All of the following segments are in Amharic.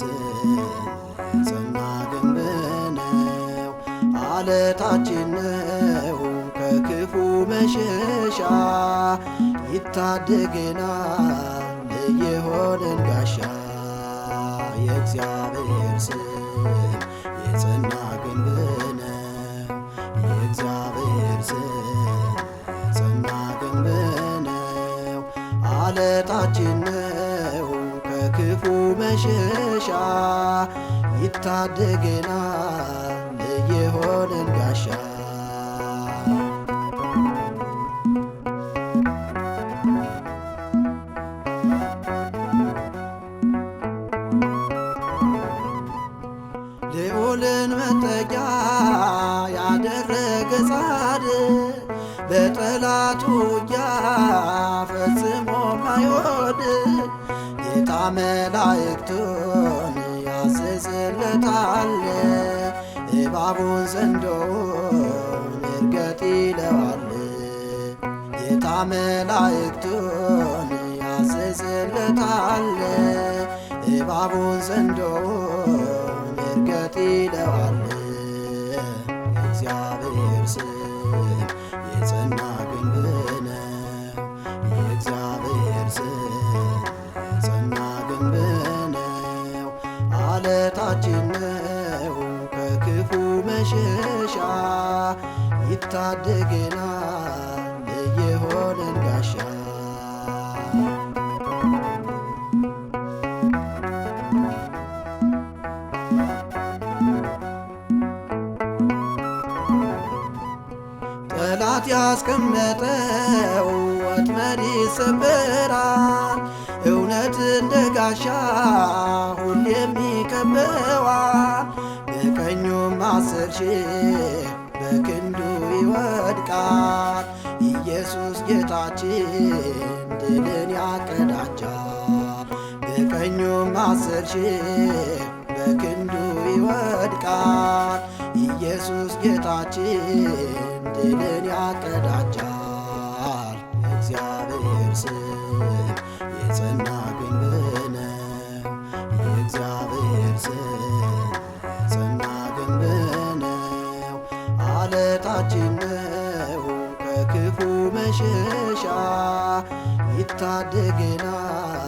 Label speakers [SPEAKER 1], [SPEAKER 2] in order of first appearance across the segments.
[SPEAKER 1] ቅርጽ ጽና ግንብ ነው፣ አለታችን ነው ከክፉ መሸሻ ይታደገናል የሆነን ጋሻ የእግዚአብሔር ስም ግንብ ነው። የእግዚአብሔር ስም ግንብ ነው አለታችን ከክፉ መሸሻ ይታደገናል የሆነን ጋሻ ልዑልን መጠጊያ ያደረገ ጻድቅ በጠላቱ ውጊያ መላእክቱን ያስጽለታል። እባቡን ዘንዶውን እርገጥ ይለዋል። ጌታ መላእክቱን ያስጽለታል። እባቡን ዘንዶውን እርገጥ ይለዋል። ማለታችን ነው። ከክፉ መሸሻ ይታደገናል የሆነን ጋሻ። ጠላት ያስቀመጠው ወጥመድ ይሰበራል እውነት እንደ ጋሻ ሁሌ የሚከበዋል። በቀኙም አስር ሺህ በክንዱ ይወድቃል። ኢየሱስ ጌታችን ድልን ያቀዳጃል። በቀኙ አስር ሺህ በክንዱ ይወድቃል። ኢየሱስ ጌታችን ድልን ያቀዳጃል። እግዚአብሔር ስም የጸና የሚመስል ጽና ግንብ ነው፣ አለታችን ነው ከክፉ መሸሻ ይታደገናል።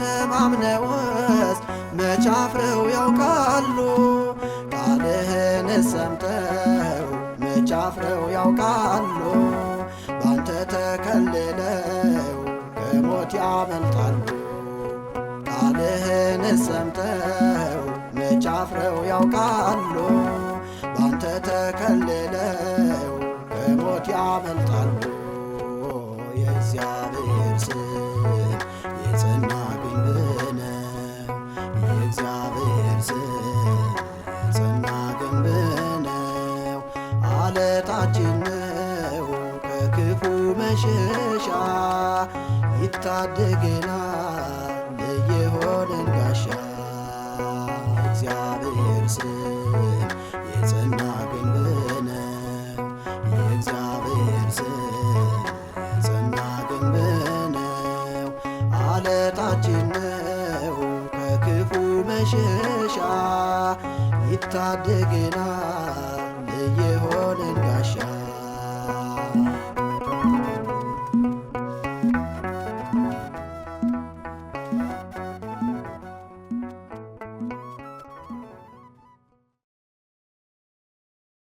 [SPEAKER 1] ተማምነውስ መች አፍረው ያውቃሉ? ቃልህን ሰምተው መች አፍረው ያውቃሉ? ባንተ ተከልለው ከሞት ያመልጣሉ። ቃልህን ሰምተው መች አፍረው ያውቃሉ? ባንተ ተከልለው ከሞት ያመልጣሉ። የእግዚአብሔር ማለታችን ነው። ከክፉ መሸሻ ይታደገናል የሆነን ጋሻ እግዚአብሔር ስም የጸና ግንብ ነው። የእግዚአብሔር ስም የጸና ግንብ ነው። አለታችን ነው። ከክፉ መሸሻ ይታደገናል